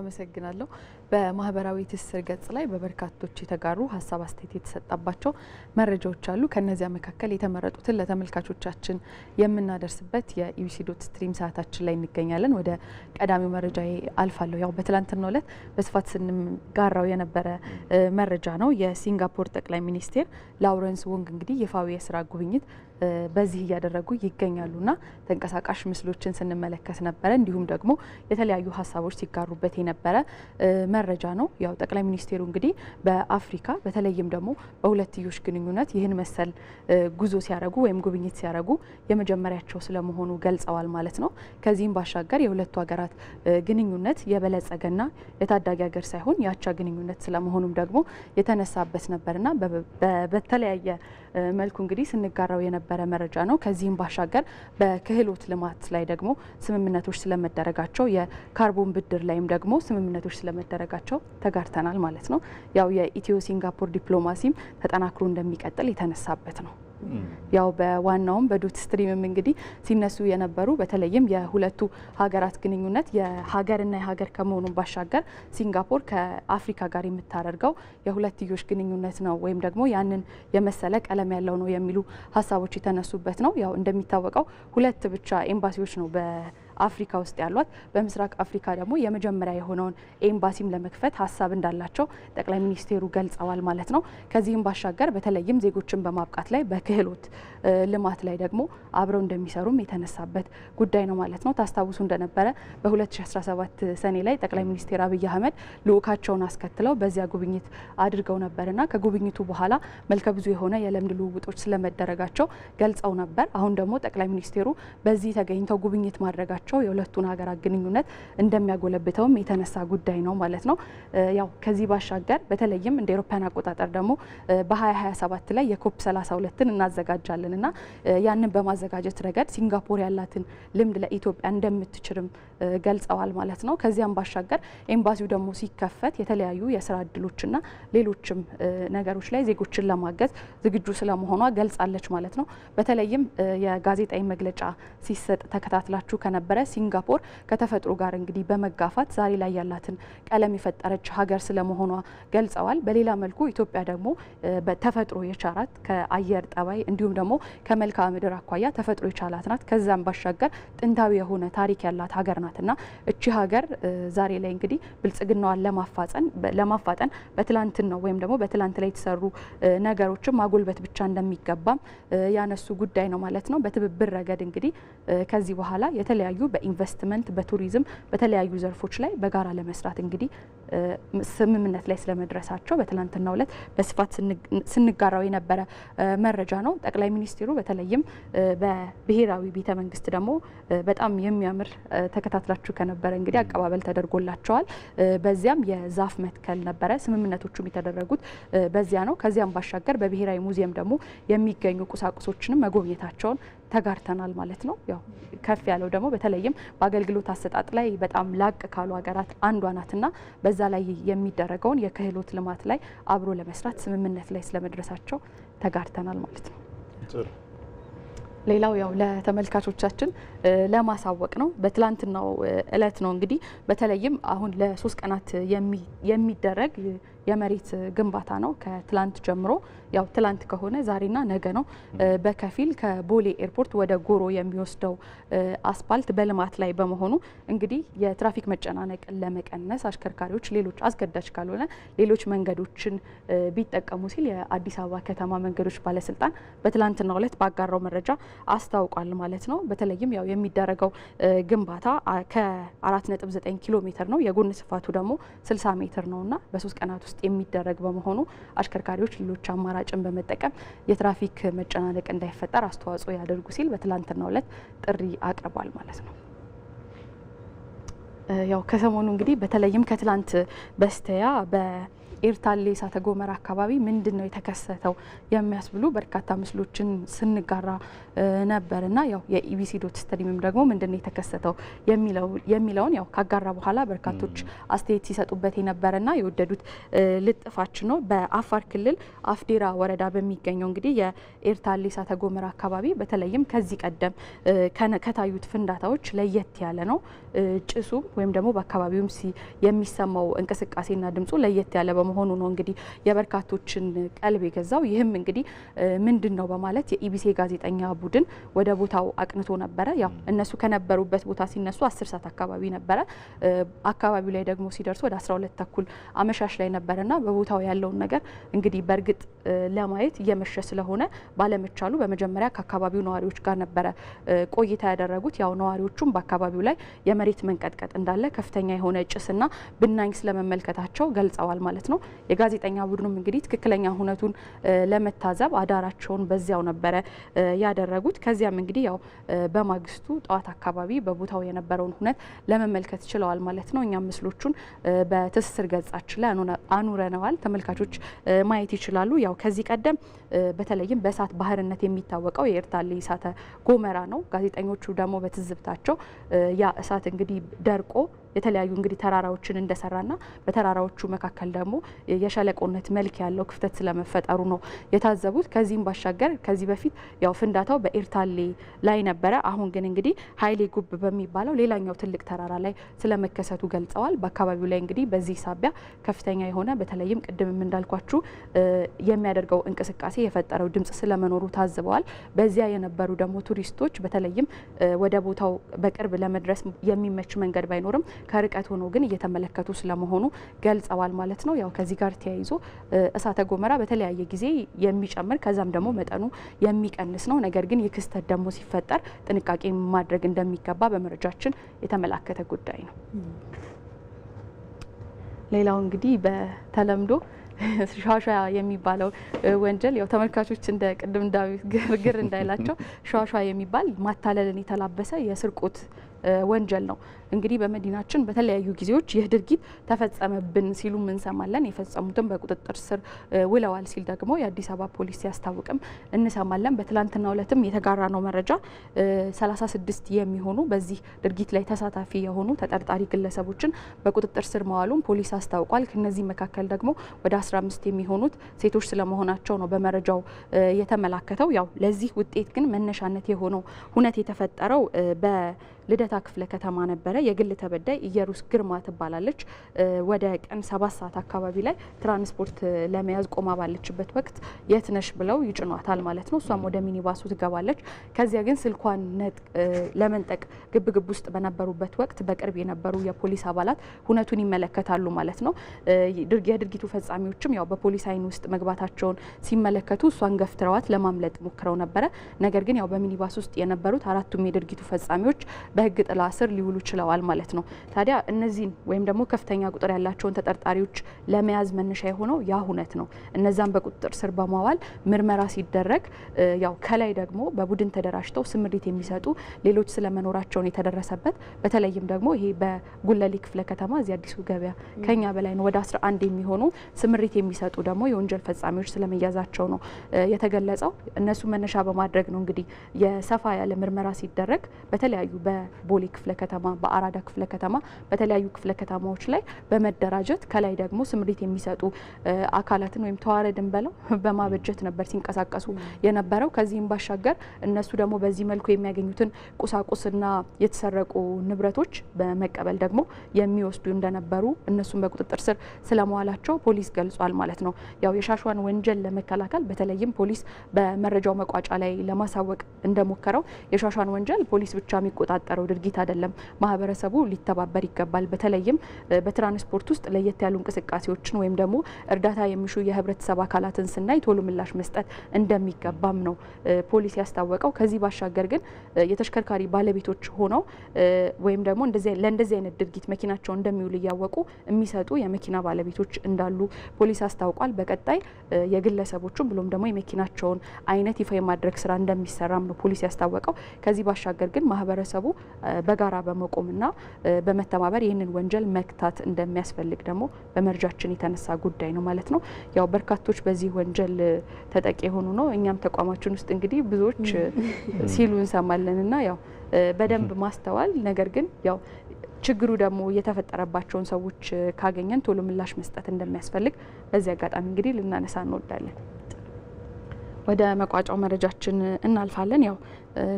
አመሰግናለሁ። በማህበራዊ ትስስር ገጽ ላይ በበርካቶች የተጋሩ ሀሳብ አስተያየት የተሰጣባቸው መረጃዎች አሉ። ከእነዚያ መካከል የተመረጡትን ለተመልካቾቻችን የምናደርስበት የኢቢሲ ዶት ስትሪም ሰዓታችን ላይ እንገኛለን። ወደ ቀዳሚው መረጃ አልፋለሁ። ያው በትላንትናው ዕለት በስፋት ስንጋራው የነበረ መረጃ ነው። የሲንጋፖር ጠቅላይ ሚኒስቴር ላውረንስ ወንግ እንግዲህ ይፋዊ የስራ ጉብኝት በዚህ እያደረጉ ይገኛሉና ተንቀሳቃሽ ምስሎችን ስንመለከት ነበረ። እንዲሁም ደግሞ የተለያዩ ሀሳቦች ሲጋሩበት የነበረ መረጃ ነው። ያው ጠቅላይ ሚኒስቴሩ እንግዲህ በአፍሪካ በተለይም ደግሞ በሁለትዮሽ ግንኙነት ይህን መሰል ጉዞ ሲያደርጉ ወይም ጉብኝት ሲያደርጉ የመጀመሪያቸው ስለመሆኑ ገልጸዋል ማለት ነው። ከዚህም ባሻገር የሁለቱ ሀገራት ግንኙነት የበለጸገና የታዳጊ ሀገር ሳይሆን የአቻ ግንኙነት ስለመሆኑም ደግሞ የተነሳበት ነበርና በተለያየ መልኩ እንግዲህ ስንጋራው የነበረ መረጃ ነው። ከዚህም ባሻገር በክህሎት ልማት ላይ ደግሞ ስምምነቶች ስለመደረጋቸው የካርቦን ብድር ላይም ደግሞ ደግሞ ስምምነቶች ስለመደረጋቸው ተጋርተናል ማለት ነው። ያው የኢትዮ ሲንጋፖር ዲፕሎማሲም ተጠናክሮ እንደሚቀጥል የተነሳበት ነው። ያው በዋናውም በዶት ስትሪምም እንግዲህ ሲነሱ የነበሩ በተለይም የሁለቱ ሀገራት ግንኙነት የሀገርና የሀገር ከመሆኑን ባሻገር ሲንጋፖር ከአፍሪካ ጋር የምታደርገው የሁለትዮሽ ግንኙነት ነው ወይም ደግሞ ያንን የመሰለ ቀለም ያለው ነው የሚሉ ሀሳቦች የተነሱበት ነው። ያው እንደሚታወቀው ሁለት ብቻ ኤምባሲዎች ነው በ አፍሪካ ውስጥ ያሏት። በምስራቅ አፍሪካ ደግሞ የመጀመሪያ የሆነውን ኤምባሲም ለመክፈት ሀሳብ እንዳላቸው ጠቅላይ ሚኒስቴሩ ገልጸዋል ማለት ነው። ከዚህም ባሻገር በተለይም ዜጎችን በማብቃት ላይ በክህሎት ልማት ላይ ደግሞ አብረው እንደሚሰሩም የተነሳበት ጉዳይ ነው ማለት ነው። ታስታውሱ እንደነበረ በ2017 ሰኔ ላይ ጠቅላይ ሚኒስቴር አብይ አህመድ ልዑካቸውን አስከትለው በዚያ ጉብኝት አድርገው ነበርና ከጉብኝቱ በኋላ መልከ ብዙ የሆነ የልምድ ልውውጦች ስለመደረጋቸው ገልጸው ነበር። አሁን ደግሞ ጠቅላይ ሚኒስቴሩ በዚህ ተገኝተው ጉብኝት ማድረጋቸው መኖራቸው የሁለቱን ሀገራት ግንኙነት እንደሚያጎለብተውም የተነሳ ጉዳይ ነው ማለት ነው። ያው ከዚህ ባሻገር በተለይም እንደ ኤሮፓያን አቆጣጠር ደግሞ በ2027 ላይ የኮፕ 32ን እናዘጋጃለን እና ያንን በማዘጋጀት ረገድ ሲንጋፖር ያላትን ልምድ ለኢትዮጵያ እንደምትችልም ገልጸዋል ማለት ነው። ከዚያም ባሻገር ኤምባሲው ደግሞ ሲከፈት የተለያዩ የስራ እድሎችና ሌሎችም ነገሮች ላይ ዜጎችን ለማገዝ ዝግጁ ስለመሆኗ ገልጻለች ማለት ነው። በተለይም የጋዜጣዊ መግለጫ ሲሰጥ ተከታትላችሁ ከነበረ ሲንጋፖር ከተፈጥሮ ጋር እንግዲህ በመጋፋት ዛሬ ላይ ያላትን ቀለም የፈጠረች ሀገር ስለመሆኗ ገልጸዋል። በሌላ መልኩ ኢትዮጵያ ደግሞ ተፈጥሮ የቻላት ከአየር ጠባይ እንዲሁም ደግሞ ከመልክዓ ምድር አኳያ ተፈጥሮ የቻላት ናት። ከዛም ባሻገር ጥንታዊ የሆነ ታሪክ ያላት ሀገር ናት ናትና እቺ ሀገር ዛሬ ላይ እንግዲህ ብልጽግናዋን ለማፋጠን ለማፋጠን በትላንት ነው ወይም ደግሞ በትላንት ላይ የተሰሩ ነገሮችን ማጎልበት ብቻ እንደሚገባም ያነሱ ጉዳይ ነው ማለት ነው። በትብብር ረገድ እንግዲህ ከዚህ በኋላ የተለያዩ በኢንቨስትመንት፣ በቱሪዝም፣ በተለያዩ ዘርፎች ላይ በጋራ ለመስራት እንግዲህ ስምምነት ላይ ስለመድረሳቸው በትላንትናው ዕለት በስፋት ስንጋራው የነበረ መረጃ ነው። ጠቅላይ ሚኒስትሩ በተለይም በብሔራዊ ቤተ መንግስት ደግሞ በጣም የሚያምር ተከታትላችሁ ከነበረ እንግዲህ አቀባበል ተደርጎላቸዋል። በዚያም የዛፍ መትከል ነበረ። ስምምነቶቹም የተደረጉት በዚያ ነው። ከዚያም ባሻገር በብሔራዊ ሙዚየም ደግሞ የሚገኙ ቁሳቁሶችንም መጎብኘታቸውን ተጋርተናል ማለት ነው። ያው ከፍ ያለው ደግሞ በተለይም በአገልግሎት አሰጣጥ ላይ በጣም ላቅ ካሉ ሀገራት አንዷ ናትና በዛ ላይ የሚደረገውን የክህሎት ልማት ላይ አብሮ ለመስራት ስምምነት ላይ ስለመድረሳቸው ተጋርተናል ማለት ነው። ሌላው ያው ለተመልካቾቻችን ለማሳወቅ ነው። በትላንትናው እለት ነው እንግዲህ በተለይም አሁን ለሶስት ቀናት የሚደረግ የመሬት ግንባታ ነው። ከትላንት ጀምሮ ያው ትላንት ከሆነ ዛሬና ነገ ነው። በከፊል ከቦሌ ኤርፖርት ወደ ጎሮ የሚወስደው አስፓልት በልማት ላይ በመሆኑ እንግዲህ የትራፊክ መጨናነቅን ለመቀነስ አሽከርካሪዎች ሌሎች አስገዳጅ ካልሆነ ሌሎች መንገዶችን ቢጠቀሙ ሲል የአዲስ አበባ ከተማ መንገዶች ባለስልጣን በትላንትናው ዕለት ባጋራው መረጃ አስታውቋል ማለት ነው። በተለይም ያው የሚደረገው ግንባታ ከ4.9 ኪሎ ሜትር ነው የጎን ስፋቱ ደግሞ 60 ሜትር ነውና በሶስት ቀናት ውስጥ የሚደረግ በመሆኑ አሽከርካሪዎች ሌሎች አማራጭን በመጠቀም የትራፊክ መጨናነቅ እንዳይፈጠር አስተዋጽኦ ያደርጉ ሲል በትላንትናው ዕለት ጥሪ አቅርቧል ማለት ነው። ያው ከሰሞኑ እንግዲህ በተለይም ከትላንት በስተያ ኤርታሌ እሳተ ጎመራ አካባቢ ምንድን ነው የተከሰተው የሚያስብሉ በርካታ ምስሎችን ስንጋራ ነበር እና ያው የኢቢሲ ዶት ስትሪምም ደግሞ ምንድን ነው የተከሰተው የሚለውን ያው ካጋራ በኋላ በርካቶች አስተያየት ሲሰጡበት የነበረና የወደዱት ልጥፋችን ነው። በአፋር ክልል አፍዴራ ወረዳ በሚገኘው እንግዲህ የኤርታሌ እሳተ ጎመራ አካባቢ በተለይም ከዚህ ቀደም ከታዩት ፍንዳታዎች ለየት ያለ ነው። ጭሱ ወይም ደግሞ በአካባቢውም የሚሰማው እንቅስቃሴና ድምፁ ለየት ያለ በመሆኑ መሆኑ ነው እንግዲህ የበርካቶችን ቀልብ የገዛው። ይህም እንግዲህ ምንድን ነው በማለት የኢቢሴ ጋዜጠኛ ቡድን ወደ ቦታው አቅንቶ ነበረ። ያው እነሱ ከነበሩበት ቦታ ሲነሱ አስር ሰዓት አካባቢ ነበረ። አካባቢው ላይ ደግሞ ሲደርሱ ወደ 12 ተኩል አመሻሽ ላይ ነበረና በቦታው ያለውን ነገር እንግዲህ በእርግጥ ለማየት እየመሸ ስለሆነ ባለመቻሉ በመጀመሪያ ከአካባቢው ነዋሪዎች ጋር ነበረ ቆይታ ያደረጉት። ያው ነዋሪዎቹም በአካባቢው ላይ የመሬት መንቀጥቀጥ እንዳለ ከፍተኛ የሆነ ጭስና ብናኝ ስለመመልከታቸው ገልጸዋል ማለት ነው። የጋዜጠኛ ቡድኑም እንግዲህ ትክክለኛ ሁነቱን ለመታዘብ አዳራቸውን በዚያው ነበረ ያደረጉት። ከዚያም እንግዲህ ያው በማግስቱ ጠዋት አካባቢ በቦታው የነበረውን ሁነት ለመመልከት ችለዋል ማለት ነው። እኛም ምስሎቹን በትስስር ገጻችን ላይ አኑረነዋል። ተመልካቾች ማየት ይችላሉ። ያው ከዚህ ቀደም በተለይም በእሳት ባህርነት የሚታወቀው የኤርታሌ እሳተ ጎመራ ነው። ጋዜጠኞቹ ደግሞ በትዝብታቸው ያ እሳት እንግዲህ ደርቆ የተለያዩ እንግዲህ ተራራዎችን እንደሰራና በተራራዎቹ መካከል ደግሞ የሸለቆነት መልክ ያለው ክፍተት ስለመፈጠሩ ነው የታዘቡት። ከዚህም ባሻገር ከዚህ በፊት ያው ፍንዳታው በኤርታሌ ላይ ነበረ። አሁን ግን እንግዲህ ሀይሌ ጉብ በሚባለው ሌላኛው ትልቅ ተራራ ላይ ስለመከሰቱ ገልጸዋል። በአካባቢው ላይ እንግዲህ በዚህ ሳቢያ ከፍተኛ የሆነ በተለይም ቅድምም እንዳልኳችሁ የሚያደርገው እንቅስቃሴ የፈጠረው ድምጽ ስለመኖሩ ታዝበዋል። በዚያ የነበሩ ደግሞ ቱሪስቶች በተለይም ወደ ቦታው በቅርብ ለመድረስ የሚመች መንገድ ባይኖርም ከርቀት ሆኖ ግን እየተመለከቱ ስለመሆኑ ገልጸዋል ማለት ነው። ያው ከዚህ ጋር ተያይዞ እሳተ ጎመራ በተለያየ ጊዜ የሚጨምር ከዛም ደግሞ መጠኑ የሚቀንስ ነው። ነገር ግን የክስተት ደግሞ ሲፈጠር ጥንቃቄ ማድረግ እንደሚገባ በመረጃችን የተመላከተ ጉዳይ ነው። ሌላው እንግዲህ በተለምዶ ሸዋሸዋ የሚባለው ወንጀል ያው ተመልካቾች እንደ ቅድም እንዳዊ ግርግር እንዳይላቸው ሸዋሸዋ የሚባል ማታለልን የተላበሰ የስርቆት ወንጀል ነው። እንግዲህ በመዲናችን በተለያዩ ጊዜዎች ይህ ድርጊት ተፈጸመብን ሲሉም እንሰማለን። የፈጸሙትም በቁጥጥር ስር ውለዋል ሲል ደግሞ የአዲስ አበባ ፖሊስ ሲያስታውቅም እንሰማለን። በትላንትናው ዕለትም የተጋራ ነው መረጃ 36 የሚሆኑ በዚህ ድርጊት ላይ ተሳታፊ የሆኑ ተጠርጣሪ ግለሰቦችን በቁጥጥር ስር መዋሉም ፖሊስ አስታውቋል። ከነዚህ መካከል ደግሞ ወደ 15 የሚሆኑት ሴቶች ስለመሆናቸው ነው በመረጃው የተመላከተው። ያው ለዚህ ውጤት ግን መነሻነት የሆነው ሁነት የተፈጠረው በ ልደታ ክፍለ ከተማ ነበረ። የግል ተበዳይ እየሩስ ግርማ ትባላለች። ወደ ቀን ሰባት ሰዓት አካባቢ ላይ ትራንስፖርት ለመያዝ ቆማ ባለችበት ወቅት የትነሽ ብለው ይጭኗታል ማለት ነው። እሷም ወደ ሚኒባሱ ትገባለች። ከዚያ ግን ስልኳን ለመንጠቅ ግብግብ ውስጥ በነበሩበት ወቅት በቅርብ የነበሩ የፖሊስ አባላት ሁነቱን ይመለከታሉ ማለት ነው። የድርጊቱ ፈጻሚዎችም ያው በፖሊስ አይን ውስጥ መግባታቸውን ሲመለከቱ እሷን ገፍትረዋት ለማምለጥ ሞክረው ነበረ። ነገር ግን ያው በሚኒባስ ውስጥ የነበሩት አራቱም የድርጊቱ ፈጻሚዎች በህግ ጥላ ስር ሊውሉ ችለዋል ማለት ነው። ታዲያ እነዚህን ወይም ደግሞ ከፍተኛ ቁጥር ያላቸውን ተጠርጣሪዎች ለመያዝ መነሻ የሆነው ያ ሁነት ነው። እነዛን በቁጥጥር ስር በማዋል ምርመራ ሲደረግ ያው ከላይ ደግሞ በቡድን ተደራጅተው ስምሪት የሚሰጡ ሌሎች ስለመኖራቸውን የተደረሰበት በተለይም ደግሞ ይሄ በጉለሌ ክፍለ ከተማ እዚህ አዲሱ ገበያ ከኛ በላይ ነው ወደ 11 የሚሆኑ ስምሪት የሚሰጡ ደግሞ የወንጀል ፈጻሚዎች ስለመያዛቸው ነው የተገለጸው። እነሱ መነሻ በማድረግ ነው እንግዲህ የሰፋ ያለ ምርመራ ሲደረግ በተለያዩ በቦሌ ክፍለ ከተማ፣ በአራዳ ክፍለ ከተማ፣ በተለያዩ ክፍለ ከተማዎች ላይ በመደራጀት ከላይ ደግሞ ስምሪት የሚሰጡ አካላትን ወይም ተዋረድን በለው በማበጀት ነበር ሲንቀሳቀሱ የነበረው። ከዚህም ባሻገር እነሱ ደግሞ በዚህ መልኩ የሚያገኙትን ቁሳቁስና የተሰረቁ ንብረቶች በመቀበል ደግሞ የሚወስዱ እንደነበሩ እነሱን በቁጥጥር ስር ስለመዋላቸው ፖሊስ ገልጿል ማለት ነው። ያው የሻሸዋን ወንጀል ለመከላከል በተለይም ፖሊስ በመረጃው መቋጫ ላይ ለማሳወቅ እንደሞከረው የሻሸዋን ወንጀል ፖሊስ ብቻ የሚቆጣጠር የሚፈጠረው ድርጊት አይደለም። ማህበረሰቡ ሊተባበር ይገባል። በተለይም በትራንስፖርት ውስጥ ለየት ያሉ እንቅስቃሴዎችን ወይም ደግሞ እርዳታ የሚሹ የህብረተሰብ አካላትን ስናይ ቶሎ ምላሽ መስጠት እንደሚገባም ነው ፖሊስ ያስታወቀው። ከዚህ ባሻገር ግን የተሽከርካሪ ባለቤቶች ሆነው ወይም ደግሞ ለእንደዚህ አይነት ድርጊት መኪናቸው እንደሚውል እያወቁ የሚሰጡ የመኪና ባለቤቶች እንዳሉ ፖሊስ አስታውቋል። በቀጣይ የግለሰቦቹን ብሎም ደግሞ የመኪናቸውን አይነት ይፋ የማድረግ ስራ እንደሚሰራም ነው ፖሊስ ያስታወቀው። ከዚህ ባሻገር ግን ማህበረሰቡ በጋራ በመቆምና በመተባበር ይህንን ወንጀል መክታት እንደሚያስፈልግ ደግሞ በመርጃችን የተነሳ ጉዳይ ነው ማለት ነው። ያው በርካቶች በዚህ ወንጀል ተጠቂ የሆኑ ነው። እኛም ተቋማችን ውስጥ እንግዲህ ብዙዎች ሲሉ እንሰማለንና ያው በደንብ ማስተዋል ነገር ግን ያው ችግሩ ደግሞ የተፈጠረባቸውን ሰዎች ካገኘን ቶሎ ምላሽ መስጠት እንደሚያስፈልግ በዚህ አጋጣሚ እንግዲህ ልናነሳ እንወዳለን። ወደ መቋጫው መረጃችን እናልፋለን። ያው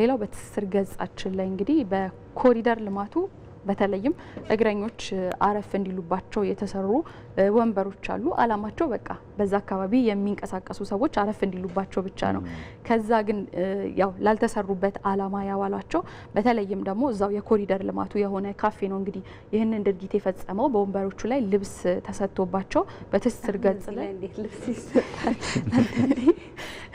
ሌላው በትስስር ገጻችን ላይ እንግዲህ በኮሪደር ልማቱ በተለይም እግረኞች አረፍ እንዲሉባቸው የተሰሩ ወንበሮች አሉ። አላማቸው በቃ በዛ አካባቢ የሚንቀሳቀሱ ሰዎች አረፍ እንዲሉባቸው ብቻ ነው። ከዛ ግን ያው ላልተሰሩበት አላማ ያዋሏቸው በተለይም ደግሞ እዛው የኮሪደር ልማቱ የሆነ ካፌ ነው እንግዲህ ይህንን ድርጊት የፈጸመው። በወንበሮቹ ላይ ልብስ ተሰጥቶባቸው በትስስር ገጽ ላይ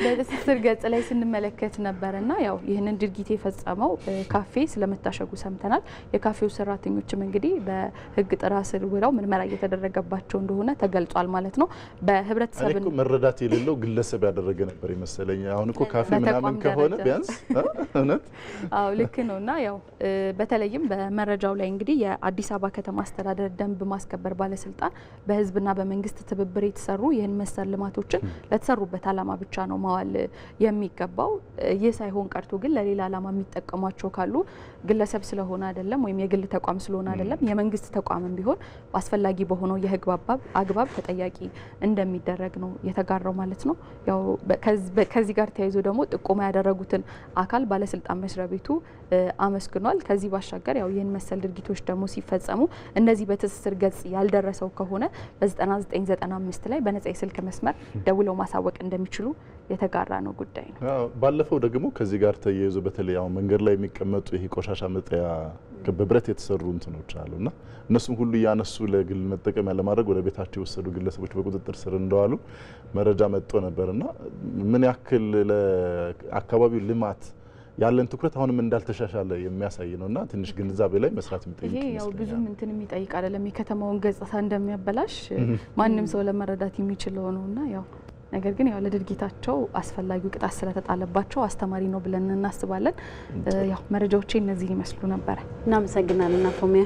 በትስስር ገጽ ላይ ስንመለከት ነበርና ያው ይህንን ድርጊት የፈጸመው ካፌ ስለመታሸጉ ሰምተናል። የካፌው ሰራተኞችም እንግዲህ በህግ ጥራ ስር ውለው ምርመራ እየተደረገባቸው እንደሆነ ተገልጿል ማለት ነው። በህብረተሰብ መረዳት የሌለው ግለሰብ ያደረገ ነበር ይመስለኝ። አሁን እኮ ካፌ ምናምን ከሆነ ቢያንስ እውነት አዎ ልክ ነው። እና ያው በተለይም በመረጃው ላይ እንግዲህ የአዲስ አበባ ከተማ አስተዳደር ደንብ ማስከበር ባለስልጣን በህዝብና በመንግስት ትብብር የተሰሩ ይህን መሰል ልማቶችን ለተሰሩበት አላማ ብቻ ነው መዋል የሚገባው። ይህ ሳይሆን ቀርቶ ግን ለሌላ ዓላማ የሚጠቀሟቸው ካሉ ግለሰብ ስለሆነ አይደለም ወይም የግል ተቋም ስለሆነ አይደለም የመንግስት ተቋምም ቢሆን አስፈላጊ በሆነው የህግ አግባብ ተጠያቂ እንደሚደረግ ነው የተጋራው ማለት ነው። ያው ከዚህ ጋር ተያይዞ ደግሞ ጥቆማ ያደረጉትን አካል ባለስልጣን መስሪያ ቤቱ አመስግኗል። ከዚህ ባሻገር ያው ይህን መሰል ድርጊቶች ደግሞ ሲፈጸሙ እነዚህ በትስስር ገጽ ያልደረሰው ከሆነ በ9995 ላይ በነጻ የስልክ መስመር ደውለው ማሳወቅ እንደሚችሉ የተጋራ ነው ጉዳይ ነው። ባለፈው ደግሞ ከዚህ ጋር ተያይዞ በተለይ አሁን መንገድ ላይ የሚቀመጡ ይሄ ቆሻሻ መጠያ በብረት የተሰሩ እንትኖች እና እነሱም ሁሉ እያነሱ ለግል መጠቀሚያ ለማድረግ ወደ ቤታቸው የወሰዱ ግለሰቦች በቁጥጥር ስር እንደዋሉ መረጃ መጥቶ እና ምን ያክል ለአካባቢው ልማት ያለን ትኩረት አሁንም እንዳልተሻሻለ የሚያሳይ እና ትንሽ ግንዛቤ ላይ መስራት የሚጠይቅ ይመስለኛል። ያው ብዙም እንትን የሚጠይቅ አይደለም። የከተማውን ገጽታ እንደሚያበላሽ ማንም ሰው ለመረዳት የሚችለው ነው። ያው ነገር ግን ያው ለድርጊታቸው አስፈላጊው ቅጣት ስለተጣለባቸው አስተማሪ ነው ብለን እናስባለን። ያው መረጃዎቼ እነዚህ ይመስሉ ነበረ። እናመሰግናለን አፎሚያ።